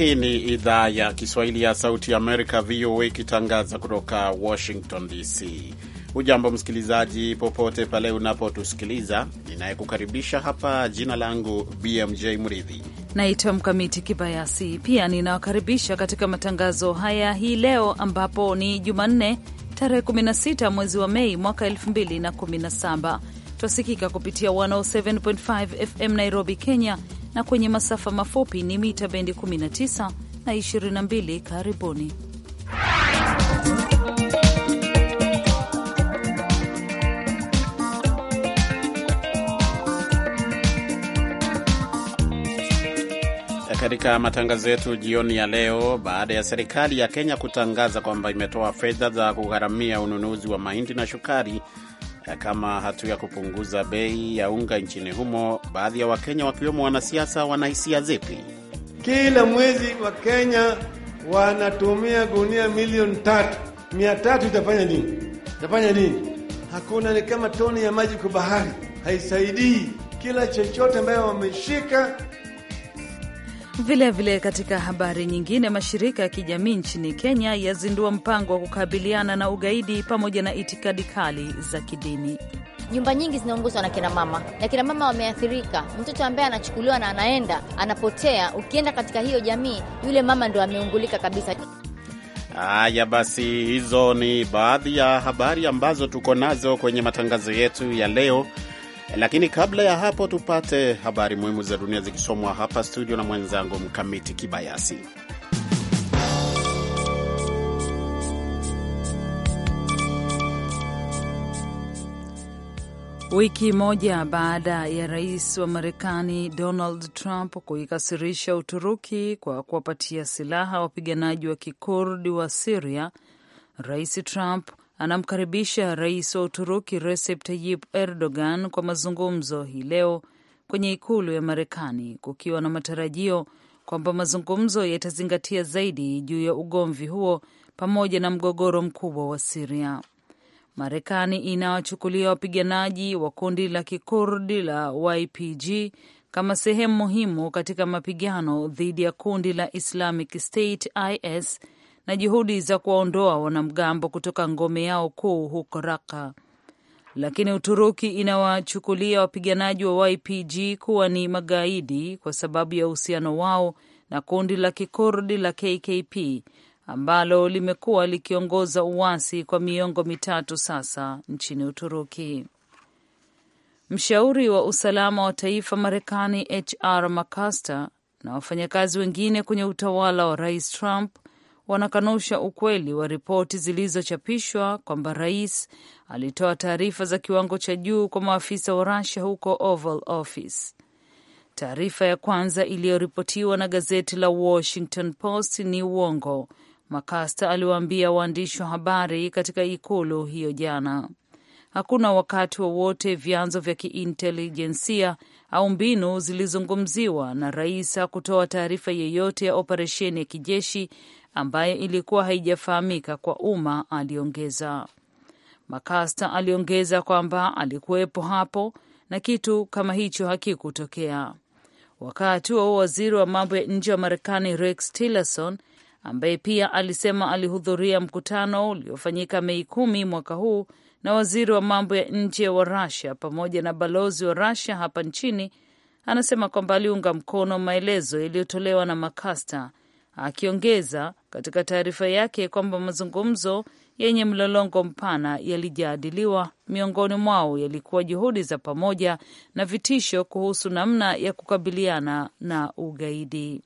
Hii ni idhaa ya Kiswahili ya Sauti ya Amerika, VOA, ikitangaza kutoka Washington DC. Hujambo msikilizaji, popote pale unapotusikiliza. Ninayekukaribisha hapa, jina langu BMJ Mridhi, naitwa Mkamiti Kibayasi. Pia ninawakaribisha katika matangazo haya hii leo, ambapo ni Jumanne tarehe 16 mwezi wa Mei mwaka 2017. Twasikika kupitia 107.5 FM Nairobi, Kenya na kwenye masafa mafupi ni mita bendi 19 na 22. Karibuni. Katika matangazo yetu jioni ya leo, baada ya serikali ya Kenya kutangaza kwamba imetoa fedha za kugharamia ununuzi wa mahindi na shukari kama hatua ya kupunguza bei ya unga nchini humo. Baadhi ya Wakenya wakiwemo wanasiasa wana hisia zipi? Kila mwezi Wakenya wanatumia gunia milioni tatu mia tatu, itafanya nini? Itafanya nini? Hakuna, ni kama toni ya maji kwa bahari, haisaidii. Kila chochote ambayo wameshika Vilevile vile katika habari nyingine, mashirika ya kijamii nchini Kenya yazindua mpango wa kukabiliana na ugaidi pamoja na itikadi kali za kidini. Nyumba nyingi zinaongozwa na kinamama na kinamama wameathirika. Mtoto ambaye anachukuliwa na anaenda anapotea, ukienda katika hiyo jamii, yule mama ndo ameungulika kabisa. Haya basi, hizo ni baadhi ya habari ambazo tuko nazo kwenye matangazo yetu ya leo. Lakini kabla ya hapo, tupate habari muhimu za dunia zikisomwa hapa studio na mwenzangu Mkamiti Kibayasi. Wiki moja baada ya rais wa Marekani Donald Trump kuikasirisha Uturuki kwa kuwapatia silaha wapiganaji wa kikurdi wa Siria, rais Trump anamkaribisha rais wa Uturuki Recep Tayyip Erdogan kwa mazungumzo hii leo kwenye ikulu ya Marekani, kukiwa na matarajio kwamba mazungumzo yatazingatia zaidi juu ya ugomvi huo pamoja na mgogoro mkubwa wa Siria. Marekani inawachukulia wapiganaji wa kundi la kikurdi la YPG kama sehemu muhimu katika mapigano dhidi ya kundi la Islamic State IS na juhudi za kuwaondoa wanamgambo kutoka ngome yao kuu huko Raka, lakini Uturuki inawachukulia wapiganaji wa YPG kuwa ni magaidi kwa sababu ya uhusiano wao na kundi la kikurdi la KKP ambalo limekuwa likiongoza uasi kwa miongo mitatu sasa nchini Uturuki. Mshauri wa usalama wa taifa Marekani HR McMaster na wafanyakazi wengine kwenye utawala wa Rais Trump wanakanusha ukweli wa ripoti zilizochapishwa kwamba rais alitoa taarifa za kiwango cha juu kwa maafisa wa rasia huko Oval Office. Taarifa ya kwanza iliyoripotiwa na gazeti la Washington Post ni uongo, Makasta aliwaambia waandishi wa habari katika ikulu hiyo jana. Hakuna wakati wowote wa vyanzo vya kiintelijensia au mbinu zilizungumziwa na rais hakutoa taarifa yeyote ya operesheni ya kijeshi ambayo ilikuwa haijafahamika kwa umma, aliongeza. Makasta aliongeza kwamba alikuwepo hapo na kitu kama hicho hakikutokea. Wakati wa waziri wa mambo ya nje wa Marekani Rex Tillerson, ambaye pia alisema alihudhuria mkutano uliofanyika Mei kumi mwaka huu na waziri wa mambo ya nje wa rusia pamoja na balozi wa rasia hapa nchini, anasema kwamba aliunga mkono maelezo yaliyotolewa na Makasta, akiongeza katika taarifa yake kwamba mazungumzo yenye mlolongo mpana yalijadiliwa, miongoni mwao yalikuwa juhudi za pamoja na vitisho kuhusu namna ya kukabiliana na ugaidi.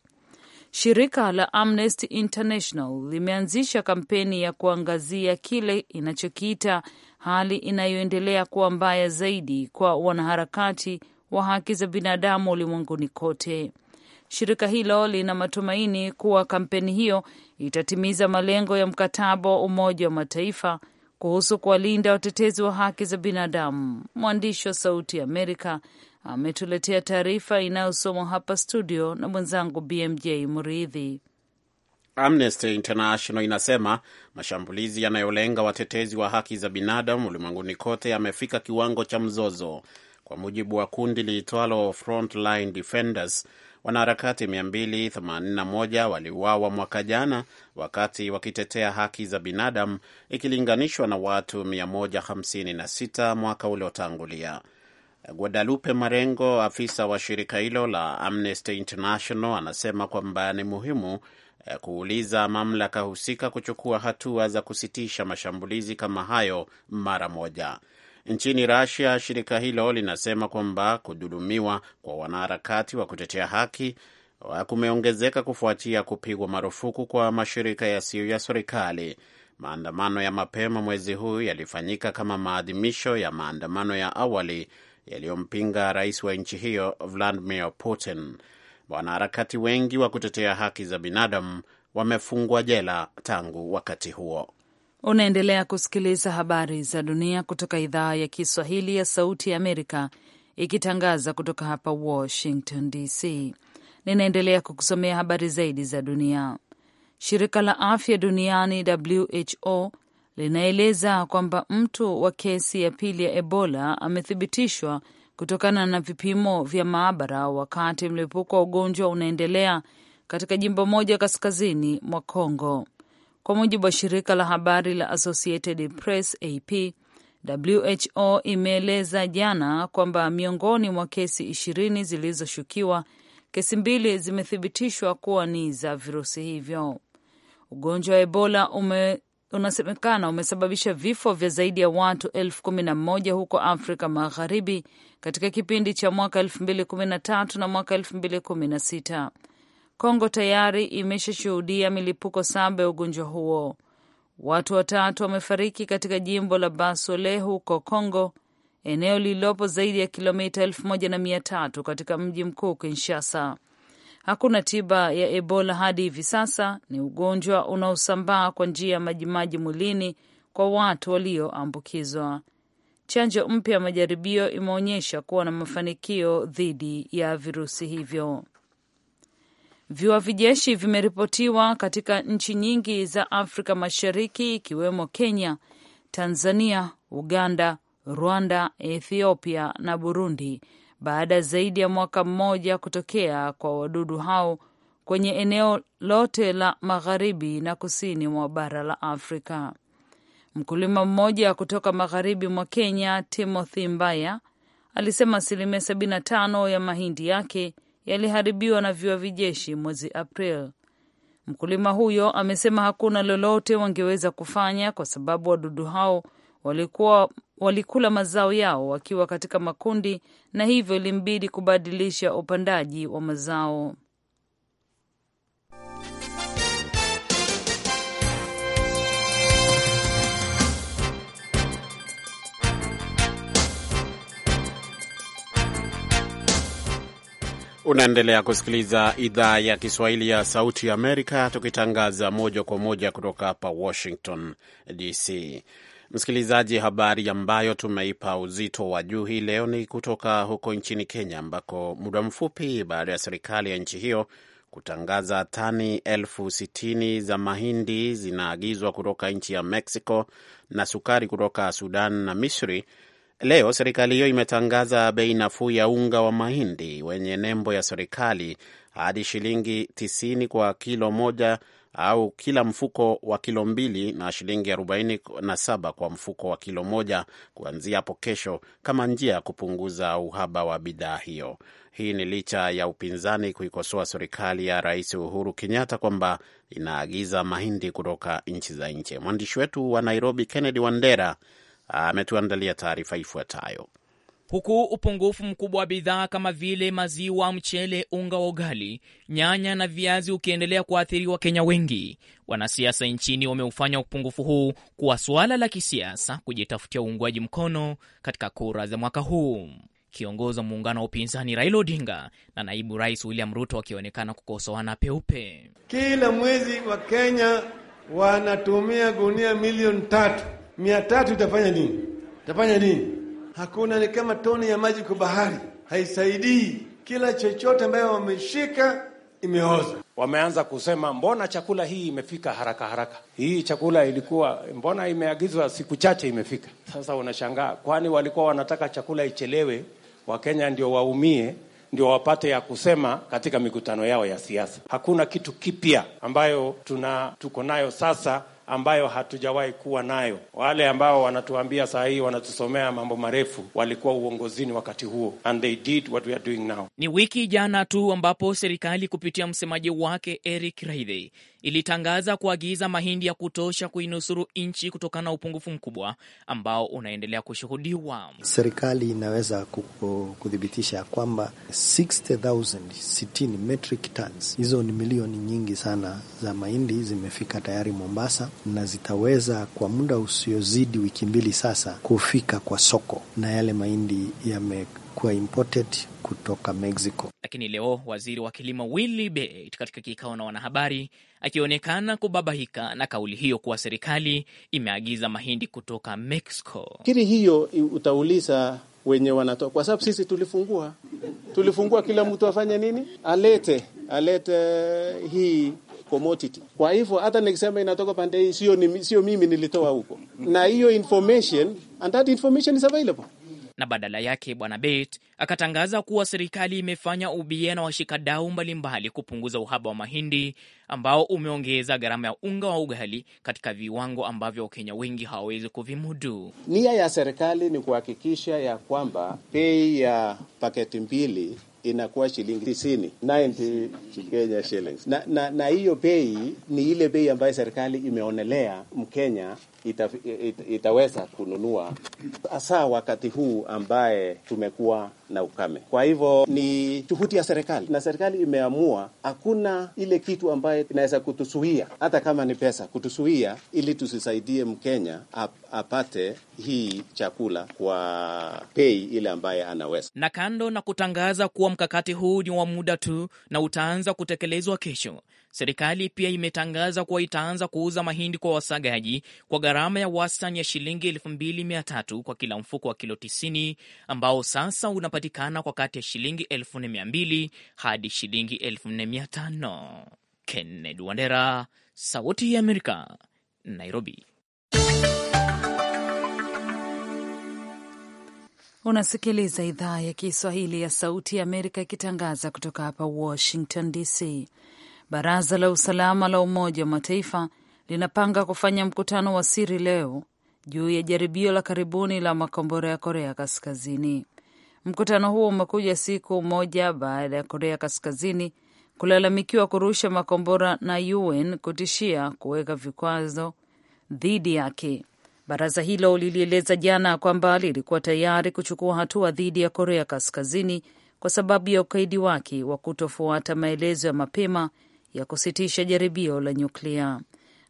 Shirika la Amnesty International limeanzisha kampeni ya kuangazia kile inachokiita hali inayoendelea kuwa mbaya zaidi kwa wanaharakati wa haki za binadamu ulimwenguni kote. Shirika hilo lina matumaini kuwa kampeni hiyo itatimiza malengo ya mkataba wa Umoja wa Mataifa kuhusu kuwalinda watetezi wa haki za binadamu. Mwandishi wa Sauti ya Amerika ametuletea taarifa inayosomwa hapa studio na mwenzangu BMJ Muridhi. Amnesty International inasema mashambulizi yanayolenga watetezi wa haki za binadamu ulimwenguni kote yamefika kiwango cha mzozo. Kwa mujibu wa kundi liitwalo Frontline Defenders, Wanaharakati 281 waliuawa mwaka jana wakati wakitetea haki za binadamu ikilinganishwa na watu 156 mwaka uliotangulia. Guadalupe Marengo, afisa wa shirika hilo la Amnesty International, anasema kwamba ni muhimu eh, kuuliza mamlaka husika kuchukua hatua za kusitisha mashambulizi kama hayo mara moja. Nchini Russia, shirika hilo linasema kwamba kudhulumiwa kwa wanaharakati wa kutetea haki kumeongezeka kufuatia kupigwa marufuku kwa mashirika yasiyo ya, ya serikali. Maandamano ya mapema mwezi huu yalifanyika kama maadhimisho ya maandamano ya awali yaliyompinga rais wa nchi hiyo Vladimir Putin. Wanaharakati wengi wa kutetea haki za binadamu wamefungwa jela tangu wakati huo. Unaendelea kusikiliza habari za dunia kutoka idhaa ya Kiswahili ya Sauti ya Amerika ikitangaza kutoka hapa Washington DC. Ninaendelea kukusomea habari zaidi za dunia. Shirika la Afya Duniani WHO linaeleza kwamba mtu wa kesi ya pili ya Ebola amethibitishwa kutokana na vipimo vya maabara wakati mlipuko wa ugonjwa unaendelea katika jimbo moja kaskazini mwa congo kwa mujibu wa shirika la habari la Associated Press AP, WHO imeeleza jana kwamba miongoni mwa kesi ishirini zilizoshukiwa, kesi mbili zimethibitishwa kuwa ni za virusi hivyo. Ugonjwa wa Ebola ume unasemekana umesababisha vifo vya zaidi ya watu elfu kumi na moja huko Afrika Magharibi katika kipindi cha mwaka elfu mbili kumi na tatu na mwaka elfu mbili kumi na sita. Kongo tayari imeshashuhudia milipuko saba ya ugonjwa huo. Watu watatu wamefariki katika jimbo la Basole huko Kongo, eneo lililopo zaidi ya kilomita elfu moja na mia tatu katika mji mkuu Kinshasa. Hakuna tiba ya Ebola hadi hivi sasa. Ni ugonjwa unaosambaa kwa njia ya majimaji mwilini kwa watu walioambukizwa. Chanjo mpya ya majaribio imeonyesha kuwa na mafanikio dhidi ya virusi hivyo vijeshi vimeripotiwa katika nchi nyingi za Afrika Mashariki ikiwemo Kenya, Tanzania, Uganda, Rwanda, Ethiopia na Burundi baada zaidi ya mwaka mmoja kutokea kwa wadudu hao kwenye eneo lote la magharibi na kusini mwa bara la Afrika. Mkulima mmoja kutoka magharibi mwa Kenya, Timothy Mbaya, alisema asilimia 75 ya mahindi yake yaliharibiwa na viwavi vijeshi mwezi april Mkulima huyo amesema hakuna lolote wangeweza kufanya kwa sababu wadudu hao walikuwa walikula mazao yao wakiwa katika makundi na hivyo ilimbidi kubadilisha upandaji wa mazao. Unaendelea kusikiliza idhaa ya Kiswahili ya Sauti ya Amerika, tukitangaza moja kwa moja kutoka hapa Washington DC. Msikilizaji, habari ambayo tumeipa uzito wa juu hii leo ni kutoka huko nchini Kenya, ambako muda mfupi baada ya serikali ya nchi hiyo kutangaza tani elfu sitini za mahindi zinaagizwa kutoka nchi ya Mexico na sukari kutoka Sudan na Misri Leo serikali hiyo imetangaza bei nafuu ya unga wa mahindi wenye nembo ya serikali hadi shilingi 90 kwa kilo moja au kila mfuko wa kilo mbili na shilingi 47 na saba kwa mfuko wa kilo moja kuanzia hapo kesho, kama njia ya kupunguza uhaba wa bidhaa hiyo. Hii ni licha ya upinzani kuikosoa serikali ya Rais Uhuru Kenyatta kwamba inaagiza mahindi kutoka nchi za nje. Mwandishi wetu wa Nairobi, Kennedy Wandera, ametuandalia taarifa ifuatayo. Huku upungufu mkubwa wa bidhaa kama vile maziwa, mchele, unga wa ugali, nyanya na viazi ukiendelea kuathiri Wakenya wengi, wanasiasa nchini wameufanya upungufu huu kuwa suala la kisiasa kujitafutia uungwaji mkono katika kura za mwaka huu. Kiongozi wa muungano wa upinzani Raila Odinga na naibu rais William Ruto wakionekana kukosoana peupe. Kila mwezi Wakenya wanatumia gunia milioni tatu mia tatu itafanya nini? Itafanya nini? Hakuna, ni kama toni ya maji kwa bahari, haisaidii. Kila chochote ambayo wameshika imeoza. Wameanza kusema mbona chakula hii imefika haraka haraka, hii chakula ilikuwa mbona imeagizwa siku chache imefika. Sasa unashangaa, kwani walikuwa wanataka chakula ichelewe, Wakenya ndio waumie ndio wapate ya kusema katika mikutano yao ya siasa. Hakuna kitu kipya ambayo tuna tuko nayo sasa ambayo hatujawahi kuwa nayo. Wale ambao wanatuambia saa hii wanatusomea mambo marefu walikuwa uongozini wakati huo, and they did what we are doing now. Ni wiki jana tu ambapo serikali kupitia msemaji wake Eric Raidey ilitangaza kuagiza mahindi ya kutosha kuinusuru nchi kutokana na upungufu mkubwa ambao unaendelea kushuhudiwa. Serikali inaweza kuthibitisha kwamba 60,060 metric tons, hizo ni milioni nyingi sana za mahindi zimefika tayari Mombasa, na zitaweza kwa muda usiozidi wiki mbili sasa kufika kwa soko, na yale mahindi yamekuwa imported kutoka Mexico. Lakini leo waziri wa kilimo Willy Bett katika kikao na wanahabari akionekana kubabahika na kauli hiyo kuwa serikali imeagiza mahindi kutoka Mexico. Kiri hiyo utauliza wenye wanatoa, kwa sababu sisi tulifungua tulifungua, kila mtu afanye nini, alete alete hii commodity. Kwa hivyo hata nikisema inatoka pande hii, sio mimi nilitoa huko, na hiyo information and that information is available na badala yake Bwana Bet akatangaza kuwa serikali imefanya ubia na washikadau mbalimbali kupunguza uhaba wa mahindi ambao umeongeza gharama ya unga wa ugali katika viwango ambavyo Wakenya wengi hawawezi kuvimudu. Nia ya serikali ni kuhakikisha ya kwamba bei ya paketi mbili inakuwa shilingi tisini, 90 Kenya shillings, na na hiyo bei ni ile bei ambayo serikali imeonelea Mkenya ita, ita, itaweza kununua hasa wakati huu ambaye tumekuwa na ukame. Kwa hivyo ni juhudi ya serikali, na serikali imeamua hakuna ile kitu ambaye inaweza kutusuia hata kama ni pesa kutusuia, ili tusisaidie Mkenya apate hii chakula kwa pei ile ambaye anaweza. Na kando na kutangaza kuwa mkakati huu ni wa muda tu na utaanza kutekelezwa kesho, serikali pia imetangaza kuwa itaanza kuuza mahindi kwa wasagaji kwa gharama ya wastani ya shilingi 2300 kwa kila mfuko wa kilo 90 ambao sasa unapatikana kwa kati ya shilingi 1200 hadi shilingi 1500. Kennedy Wandera, Sauti ya Amerika, Nairobi. Unasikiliza idhaa ya Kiswahili ya Sauti ya Amerika ikitangaza kutoka hapa Washington DC. Baraza la Usalama la Umoja wa Mataifa linapanga kufanya mkutano wa siri leo juu ya jaribio la karibuni la makombora ya Korea Kaskazini. Mkutano huo umekuja siku moja baada ya Korea Kaskazini kulalamikiwa kurusha makombora na UN kutishia kuweka vikwazo dhidi yake. Baraza hilo lilieleza jana kwamba lilikuwa tayari kuchukua hatua dhidi ya Korea Kaskazini kwa sababu ya ukaidi wake wa kutofuata maelezo ya mapema ya kusitisha jaribio la nyuklia.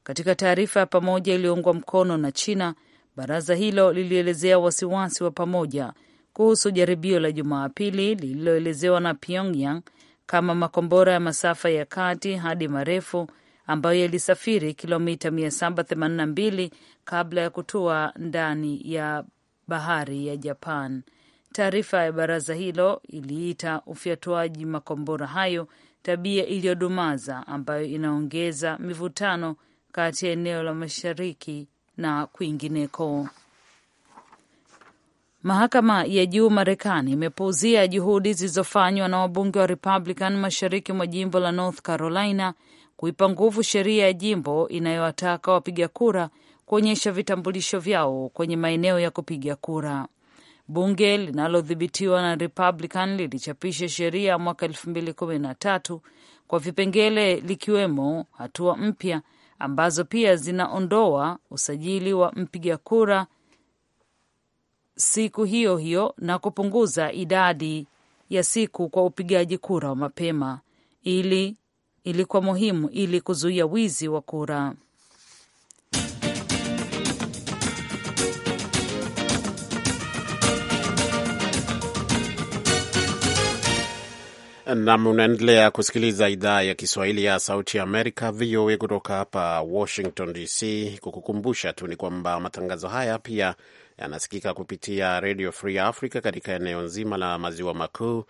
Katika taarifa ya pamoja iliyoungwa mkono na China, baraza hilo lilielezea wasiwasi wa pamoja kuhusu jaribio la Jumapili lililoelezewa na Pyongyang kama makombora ya masafa ya kati hadi marefu ambayo yalisafiri kilomita 782 kabla ya kutua ndani ya bahari ya Japan. Taarifa ya baraza hilo iliita ufyatuaji makombora hayo tabia iliyodumaza ambayo inaongeza mivutano kati ya eneo la mashariki na kwingineko. Mahakama ya juu Marekani imepuuzia juhudi zilizofanywa na wabunge wa Republican mashariki mwa jimbo la North Carolina kuipa nguvu sheria ya jimbo inayowataka wapiga kura kuonyesha vitambulisho vyao kwenye maeneo ya kupiga kura. Bunge linalodhibitiwa na Republican lilichapisha sheria mwaka elfu mbili kumi na tatu kwa vipengele likiwemo hatua mpya ambazo pia zinaondoa usajili wa mpiga kura siku hiyo hiyo na kupunguza idadi ya siku kwa upigaji kura wa mapema ili ilikuwa muhimu ili kuzuia wizi wa kura. Nam, unaendelea kusikiliza idhaa ya Kiswahili ya Sauti ya Amerika, VOA, kutoka hapa Washington DC. Kukukumbusha tu ni kwamba matangazo haya pia yanasikika kupitia Radio Free Africa katika eneo nzima la maziwa makuu,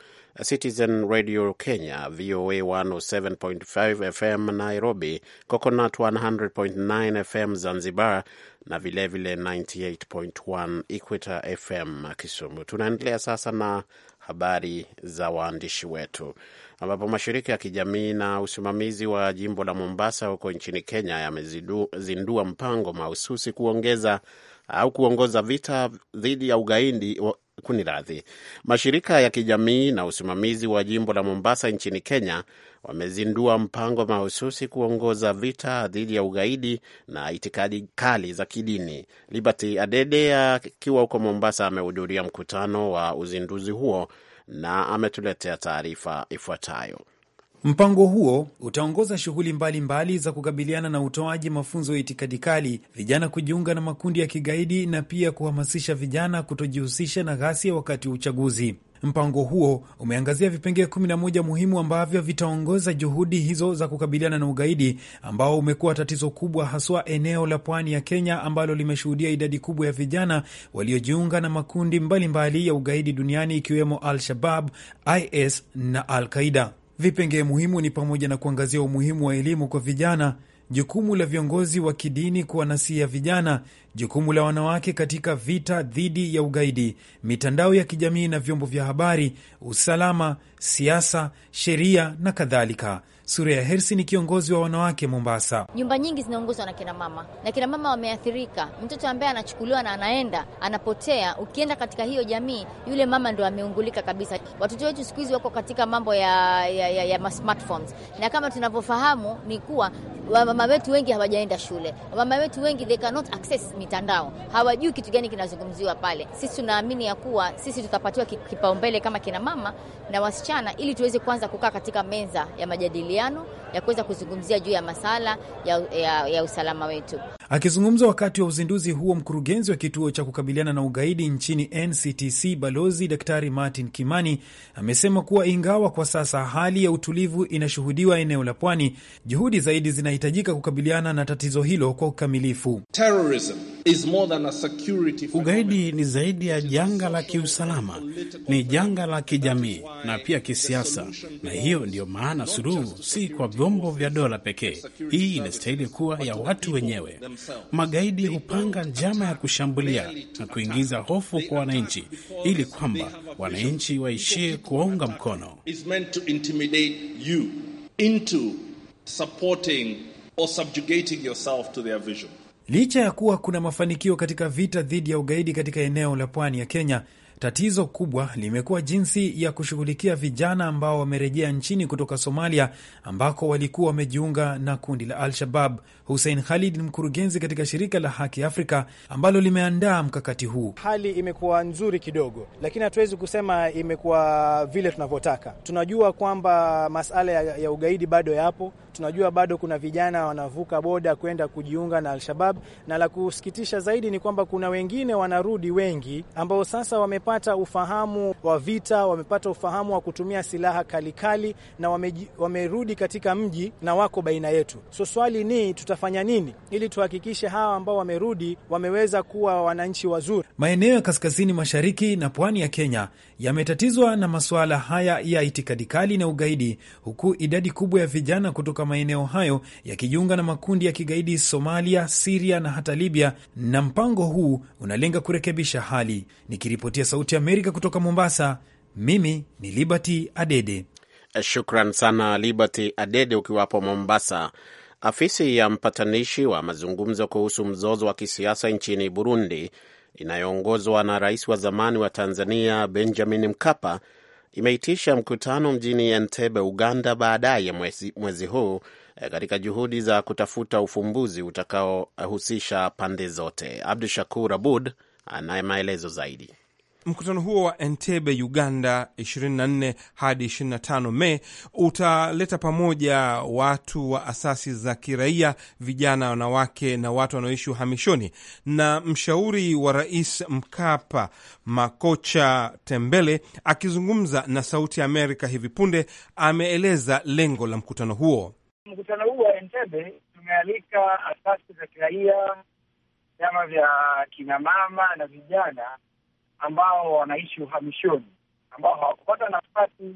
Citizen Radio Kenya, VOA 107.5 FM Nairobi, Coconut 100.9 FM Zanzibar na vilevile 98.1 Equator FM Kisumu. Tunaendelea sasa na habari za waandishi wetu ambapo mashirika ya kijamii na usimamizi wa jimbo la Mombasa huko nchini Kenya yamezindua mpango mahususi kuongeza au kuongoza vita dhidi ya ugaidi radhi Mashirika ya kijamii na usimamizi wa jimbo la Mombasa nchini Kenya wamezindua mpango mahususi kuongoza vita dhidi ya ugaidi na itikadi kali za kidini. Liberty Adede akiwa huko Mombasa amehudhuria mkutano wa uzinduzi huo na ametuletea taarifa ifuatayo. Mpango huo utaongoza shughuli mbalimbali za kukabiliana na utoaji mafunzo ya itikadi kali, vijana kujiunga na makundi ya kigaidi na pia kuhamasisha vijana kutojihusisha na ghasia wakati wa uchaguzi. Mpango huo umeangazia vipengee 11 muhimu ambavyo vitaongoza juhudi hizo za kukabiliana na ugaidi ambao umekuwa tatizo kubwa haswa eneo la pwani ya Kenya ambalo limeshuhudia idadi kubwa ya vijana waliojiunga na makundi mbalimbali mbali ya ugaidi duniani ikiwemo Al-Shabab, IS na Al-Qaida. Vipengee muhimu ni pamoja na kuangazia umuhimu wa elimu kwa vijana, jukumu la viongozi wa kidini kuwanasiha vijana, jukumu la wanawake katika vita dhidi ya ugaidi, mitandao ya kijamii na vyombo vya habari, usalama, siasa, sheria na kadhalika ya Hersi ni kiongozi wa wanawake Mombasa. Nyumba nyingi zinaongozwa na kinamama na kinamama wameathirika. Mtoto ambaye anachukuliwa na anaenda anapotea, ukienda katika hiyo jamii, yule mama ndo ameungulika kabisa. Watoto wetu siku hizi wako katika mambo ya, ya, ya, ya smartphones, na kama tunavyofahamu ni kuwa wamama wetu wengi hawajaenda shule, wamama wetu wengi they cannot access mitandao, hawajui kitu gani kinazungumziwa pale. Sisi tunaamini ya kuwa sisi tutapatiwa kipaumbele kama kinamama na wasichana, ili tuweze kuanza kukaa katika meza ya majadiliano majadiliano ya kuweza kuzungumzia juu ya masala ya, ya, ya usalama wetu. Akizungumza wakati wa uzinduzi huo, mkurugenzi wa kituo cha kukabiliana na ugaidi nchini NCTC Balozi Daktari Martin Kimani amesema kuwa ingawa kwa sasa hali ya utulivu inashuhudiwa eneo la pwani, juhudi zaidi zinahitajika kukabiliana na tatizo hilo kwa ukamilifu. Terrorism. Ugaidi ni zaidi ya janga la kiusalama, ni janga la kijamii na pia kisiasa, na hiyo ndiyo maana suluhu si kwa vyombo vya dola pekee. Hii inastahili kuwa ya watu wenyewe. Magaidi hupanga njama ya kushambulia na kuingiza hofu kwa wananchi, ili kwamba wananchi waishie kuwaunga mkono. or subjugating yourself to their vision. Licha ya kuwa kuna mafanikio katika vita dhidi ya ugaidi katika eneo la pwani ya Kenya, tatizo kubwa limekuwa jinsi ya kushughulikia vijana ambao wamerejea nchini kutoka Somalia ambako walikuwa wamejiunga na kundi la Al-Shabab. Hussein Khalid ni mkurugenzi katika shirika la Haki Afrika ambalo limeandaa mkakati huu. Hali imekuwa nzuri kidogo, lakini hatuwezi kusema imekuwa vile tunavyotaka. Tunajua kwamba masala ya, ya ugaidi bado yapo, tunajua bado kuna vijana wanavuka boda kwenda kujiunga na Alshabab, na la kusikitisha zaidi ni kwamba kuna wengine wanarudi wengi, ambao sasa wamepata ufahamu wa vita, wamepata ufahamu wa kutumia silaha kalikali, na wameji, wamerudi katika mji na wako baina yetu. So swali ni tutafanya nini ili tuhakikishe hawa ambao wamerudi wameweza kuwa wananchi wazuri. Maeneo ya kaskazini mashariki na pwani ya Kenya yametatizwa na masuala haya ya itikadi kali na ugaidi, huku idadi kubwa ya vijana kutoka kutoka maeneo hayo yakijiunga na makundi ya kigaidi Somalia, Siria na hata Libya, na mpango huu unalenga kurekebisha hali. Nikiripotia Sauti ya Amerika kutoka Mombasa, mimi ni Liberty Adede. Eh, shukran sana Liberty Adede ukiwapo Mombasa. Afisi ya mpatanishi wa mazungumzo kuhusu mzozo wa kisiasa nchini Burundi inayoongozwa na rais wa zamani wa Tanzania Benjamin Mkapa imeitisha mkutano mjini entebe Uganda, baadaye mwezi, mwezi huu eh, katika juhudi za kutafuta ufumbuzi utakaohusisha pande zote. Abdu Shakur Abud anaye maelezo zaidi. Mkutano huo wa Entebe, Uganda, 24 hadi 25 Mei utaleta pamoja watu wa asasi za kiraia, vijana, wanawake na watu wanaoishi uhamishoni. Na mshauri wa rais Mkapa, Makocha Tembele, akizungumza na Sauti ya Amerika hivi punde, ameeleza lengo la mkutano huo. Mkutano huo wa Entebe tumealika asasi za kiraia, vyama vya kinamama na vijana ambao wanaishi uhamishoni, ambao hawakupata nafasi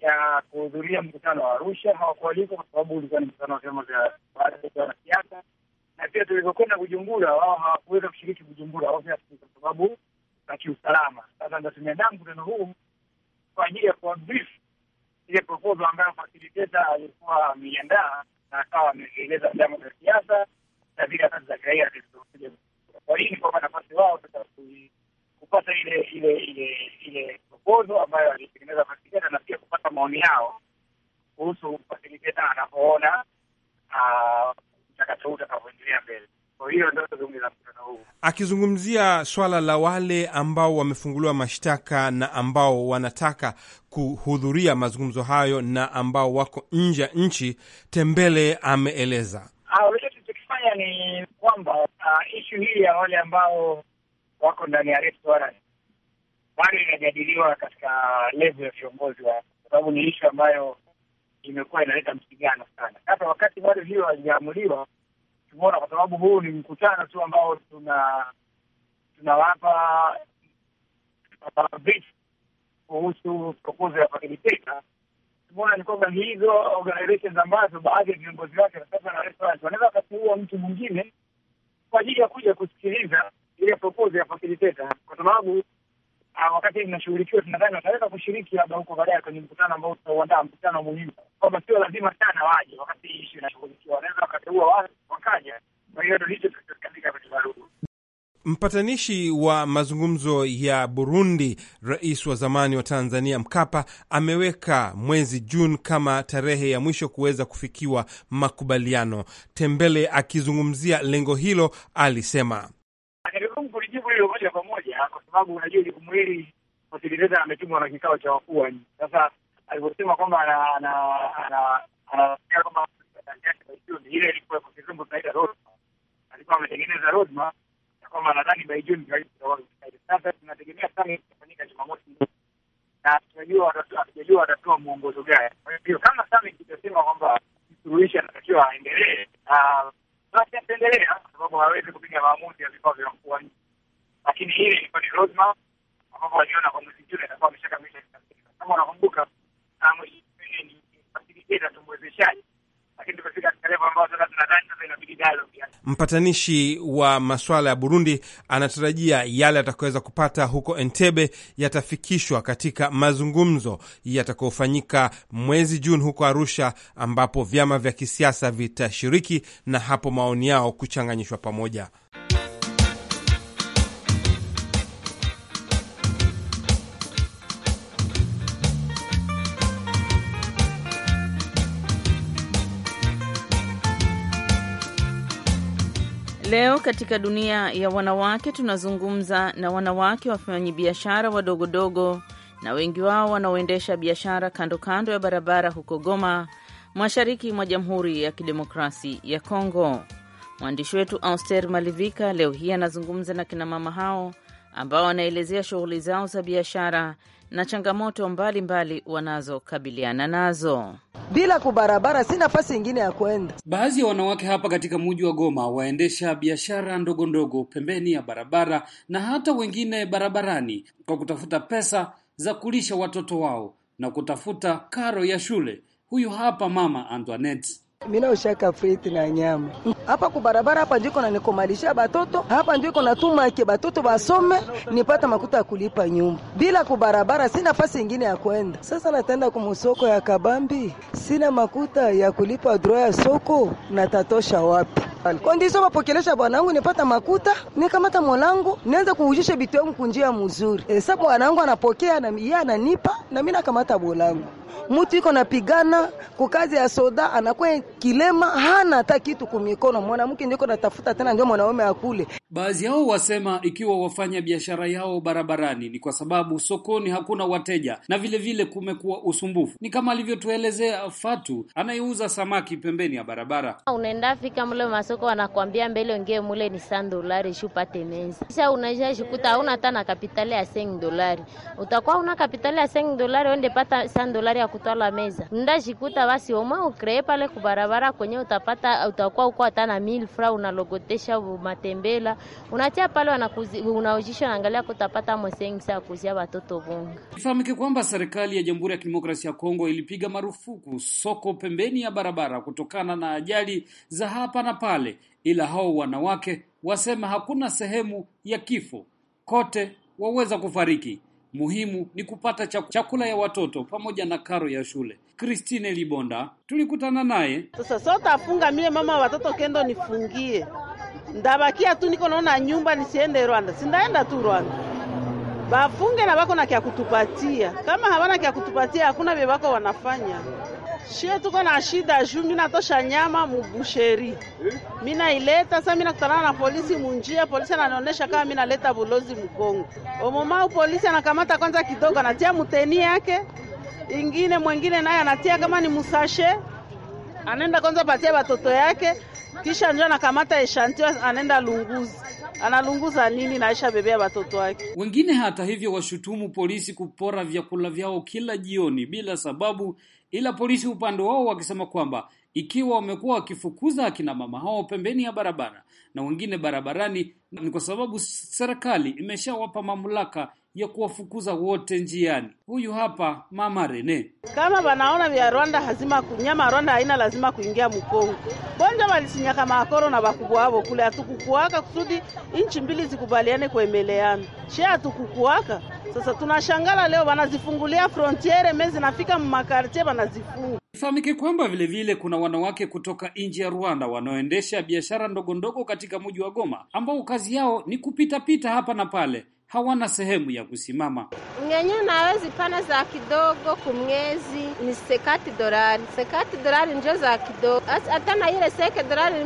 ya kuhudhuria mkutano wa Arusha. Hawakualikwa kwa sababu ulikuwa ni mkutano wa vyama vya baadhi ya wanasiasa, na pia tulivyokwenda Bujumbura, wao hawakuweza kushiriki Bujumbura obviously kwa sababu za kiusalama. Sasa ndo tumeandaa mkutano huu kwa ajili ya kuwa kuwabrief ile proposal ambayo fasiliteta alikuwa ameiandaa na akawa ameeleza vyama vya siasa na vile kazi za kiraia zilizokuja. Kwa hii ni kwamba nafasi wao sasa kupata ile ile ile ile proposal ambayo alitengeneza facilitator na pia kupata maoni yao kuhusu facilitator anapoona ah, mchakato huu utakavyoendelea mbele. akizungumzia swala la wale ambao wamefunguliwa mashtaka na ambao wanataka kuhudhuria mazungumzo hayo na ambao wako nje ya nchi. Tembele ameeleza ah, unachokifanya ni kwamba uh, ah, ishu hii ya wale ambao wako ndani ya restaurant bado inajadiliwa katika levu ya viongozi wa, kwa sababu ni ishu ambayo imekuwa inaleta msigano sana. Sasa wakati bado hiyo haijaamuliwa, tumeona kwa sababu huu ni mkutano tu ambao tuna tunawapa kuhusu proposal ya facilitator, tumeona ni kwamba hizo organizations ambazo baadhi ya viongozi wake wanaweza wakatiua mtu mwingine kwa ajili ya kuja kusikiliza ile proposal ya facilitator, kwa sababu ah, wakati inashughulikiwa tunadhani wataweza kushiriki labda huko baadaye kwenye mkutano ambao tutauandaa, mkutano muhimu, kwamba sio lazima sana waje wakati ishu inashughulikiwa, wanaweza wakateua watu wakaja. Kwa hiyo ndo hicho katika kwenye barua Mpatanishi wa mazungumzo ya Burundi, rais wa zamani wa Tanzania Mkapa ameweka mwezi Juni kama tarehe ya mwisho kuweza kufikiwa makubaliano. Tembele akizungumzia lengo hilo alisema moja kwa moja, kwa sababu unajua jukumu hili watengeneza ametumwa na kikao cha wakuu. Sasa alivyosema kwamba anasikia kwamba ile ilikuwa kwa kizungu tunaita roadmap, alikuwa ametengeneza roadmap na kwamba nadhani by June sasa tunategemea sana itafanyika Jumamosi na tunajua hatujajua watatoa mwongozo gani. Kwa hiyo kama summit itasema kwamba msuluhishi anatakiwa aendelee, ah, basi ataendelea, kwa sababu hawezi kupiga maamuzi ya vikao vya wakuu wa nchi lakini hili ilikuwa ni roadmap ambapo waliona kwa mwizikiwa itakuwa ameshakamilisha kama unakumbuka, ni mwezeshaji lakini tumefika katika levo ambayo sasa Mpatanishi wa maswala ya Burundi anatarajia yale atakayoweza kupata huko Entebe yatafikishwa katika mazungumzo yatakayofanyika mwezi Juni huko Arusha, ambapo vyama vya kisiasa vitashiriki na hapo maoni yao kuchanganyishwa pamoja. Leo katika dunia ya wanawake tunazungumza na wanawake wafanyabiashara wadogodogo na wengi wao wanaoendesha biashara kando kando ya barabara huko Goma, mashariki mwa Jamhuri ya Kidemokrasi ya Kongo. Mwandishi wetu Auster Malivika leo hii anazungumza na kinamama hao ambao wanaelezea shughuli zao za biashara na changamoto mbalimbali wanazokabiliana nazo. Bila kubarabara, si nafasi ingine ya kwenda. Baadhi ya wanawake hapa katika mji wa Goma waendesha biashara ndogo ndogo pembeni ya barabara na hata wengine barabarani, kwa kutafuta pesa za kulisha watoto wao na kutafuta karo ya shule. Huyu hapa mama Antoinette. Mina ushaka friti na nyama hapa kubarabara hapa ndiko na nikomalisha batoto hapa ndiko na tumake batoto basome nipata makuta ya kulipa nyumba. Bila kubarabara sina nafasi ingine ya kwenda. Sasa natenda kumusoko ya Kabambi, sina makuta ya kulipa droit ya soko, natatosha wapi? Kwa ndio bwanangu, nipata makuta, nikamata mwanangu, nianza kuujisha bitu yangu kunjia mzuri. E, eh, sasa bwanangu anapokea na yeye ananipa na mimi nakamata bwanangu. Mtu iko napigana kwa kazi ya soda, anakuwa kilema, hana hata kitu Mwanamke ndio tena ndio mwanaume akule. Baadhi yao wasema ikiwa wafanya biashara yao barabarani ni kwa sababu sokoni hakuna wateja na vile vile kumekuwa usumbufu. Ni kama alivyotuelezea Fatu anayeuza samaki pembeni ya barabara. Unaenda fika mle soko wanakwambia mbele ongee mule ni 100 dolari shupate meza. Kisha unaisha shikuta hauna hata na kapitali ya 5 dolari. Utakuwa una kapitali ya 5 dolari uende pata 100 dolari ya kutwala meza. Nda shikuta basi omwa ukree pale kubarabara kwenye utapata utakuwa uko hata na 1000 fra unalogotesha matembela. Unatia pale wanakuzi unaojisha naangalia kutapata mwesengi sa kuzia watoto bonga. Ifahamike kwamba serikali ya Jamhuri ya Kidemokrasia ya Kongo ilipiga marufuku soko pembeni ya barabara kutokana na ajali za hapa na pale pale, ila hao wanawake wasema hakuna sehemu ya kifo, kote waweza kufariki. Muhimu ni kupata chakula ya watoto pamoja na karo ya shule. Christine Libonda tulikutana naye. Sasa so mie mama watoto kendo nifungie, ndabakia tu niko naona nyumba, nisiende Rwanda, sindaenda tu Rwanda. Bafunge na bako na kya kutupatia, kama hawana kya kutupatia hakuna bye bako wanafanya Shie tuko na shida juu mina tosha nyama mubusheri. Mina ileta sasa, mina kutana na polisi munjia, polisi ananionyesha kama mina leta bulozi Mkongo. Omoma polisi anakamata kwanza kidogo, anatia muteni yake. Ingine mwingine naye anatia kama ni musashe. Anaenda kwanza patia batoto yake, kisha njoo anakamata eshantio anaenda lunguzi. Analunguza nini na aisha bebea watoto wake. Wengine hata hivyo washutumu polisi kupora vyakula vyao kila jioni bila sababu ila polisi upande wao wakisema kwamba ikiwa wamekuwa wakifukuza akina mama hao pembeni ya barabara na wengine barabarani, ni kwa sababu serikali imeshawapa mamlaka ya kuwafukuza wote njiani. Huyu hapa mama Rene. Kama wanaona vya Rwanda hazima kunyama Rwanda haina lazima kuingia mkongo bonja walisinyaka makoro na wakubwa wao kule, hatukukuaka kusudi inchi mbili zikubaliane kuemeleana, she hatukukuaka. Sasa tunashangala leo wanazifungulia frontiere mezi zinafika mumakartie wanazifunga. Ifahamike kwamba vilevile vile kuna wanawake kutoka nje ya Rwanda wanaoendesha biashara ndogo ndogo katika mji wa Goma ambao kazi yao ni kupitapita hapa na pale hawana sehemu ya kusimama. mwenyewe nawezi pana za kidogo kumwezi ni sekati dolari, sekati dolari njo za kidogo, hata na ile seke dolari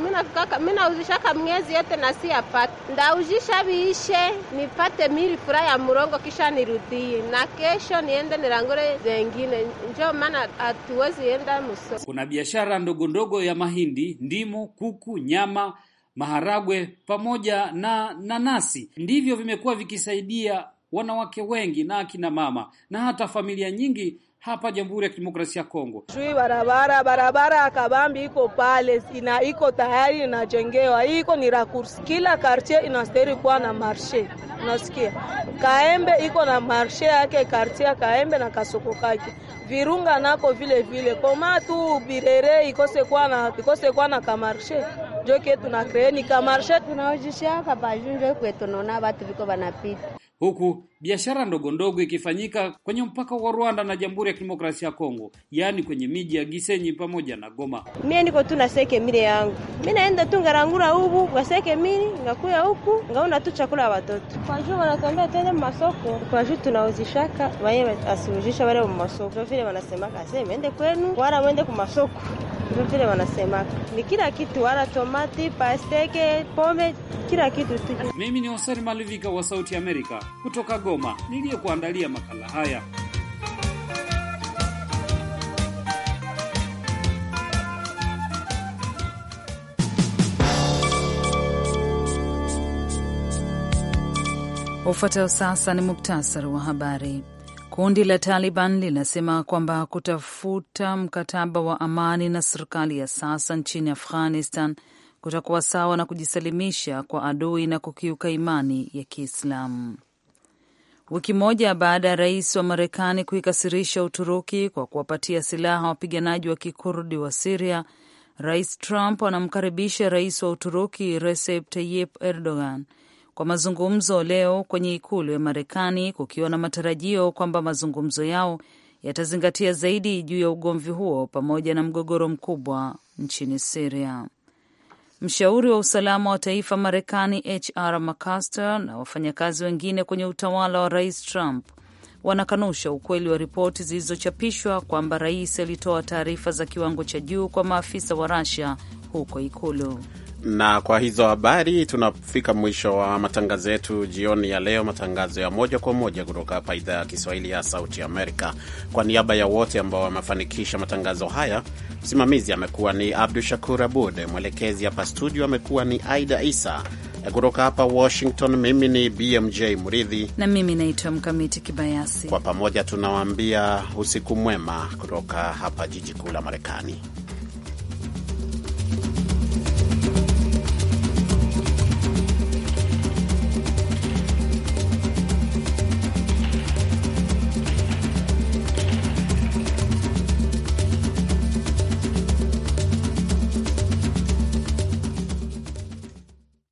minauzishaka mwezi yote nasiyapata, ndaujisha biishe nipate mili fura ya murongo, kisha nirudie na kesho niende nirangure zengine. Njo maana hatuwezi enda muso. Kuna biashara ndogondogo ya mahindi, ndimu, kuku, nyama maharagwe pamoja na nanasi ndivyo vimekuwa vikisaidia wanawake wengi na akina mama na hata familia nyingi hapa Jamhuri ya Kidemokrasia ya Kongo. Juu barabara barabara ya Kabambi iko pale ina iko tayari inajengewa, iko ni rakursi. Kila kartier inastahili kuwa na marshe, unasikia? Kaembe iko na marshe yake, kartier ya Kaembe na kasoko kake, Virunga nako vile vile, koma tu Birere ikose kwa na ikose na kamarshe joke tuna kreni kamarshe tunaojishaka pajunjo kwetu naona watu viko vanapita huku biashara ndogo ndogo ikifanyika kwenye mpaka wa Rwanda na Jamhuri ya Kidemokrasia ya Kongo, yaani kwenye miji ya Gisenyi pamoja na Goma. Mimi niko tu na seke mile yangu, mimi naenda tu ngarangura huku kwa seke mili, ngakuya huku ngaona tu chakula ya watoto kwa juu, wanatambia tena masoko kwa juu tunauzishaka waye asiuzisha wale masoko kwa vile wanasemaka, aseme ende kwenu wala mwende kwa masoko vile wanasemaka, ni kila kitu, wala tomati, pasteke, pome, kila kitu tu. Mimi ni Hoseri Malivika wa Sauti Amerika kutoka Goma. Choma niliyekuandalia makala haya. Ufuatao sasa ni muktasari wa habari. Kundi la Taliban linasema kwamba kutafuta mkataba wa amani na serikali ya sasa nchini Afghanistan kutakuwa sawa na kujisalimisha kwa adui na kukiuka imani ya Kiislamu wiki moja baada ya rais wa Marekani kuikasirisha Uturuki kwa kuwapatia silaha wapiganaji wa kikurdi wa Siria. Rais Trump anamkaribisha rais wa Uturuki Recep Tayyip Erdogan kwa mazungumzo leo kwenye ikulu ya Marekani, kukiwa na matarajio kwamba mazungumzo yao yatazingatia zaidi juu ya ugomvi huo pamoja na mgogoro mkubwa nchini Siria. Mshauri wa usalama wa taifa Marekani HR McMaster na wafanyakazi wengine kwenye utawala wa Rais Trump wanakanusha ukweli wa ripoti zilizochapishwa kwamba rais alitoa taarifa za kiwango cha juu kwa maafisa wa rasia huko Ikulu. Na kwa hizo habari tunafika mwisho wa matangazo yetu jioni ya leo, matangazo ya moja kwa moja kutoka hapa idhaa ya Kiswahili ya Sauti Amerika. Kwa niaba ya wote ambao wamefanikisha matangazo haya, msimamizi amekuwa ni Abdu Shakur Abud, mwelekezi hapa studio amekuwa ni Aida Isa. Kutoka hapa Washington, mimi ni BMJ mridhi na mimi naitwa Mkamiti Kibayasi. Kwa pamoja tunawaambia usiku mwema kutoka hapa jiji kuu la Marekani.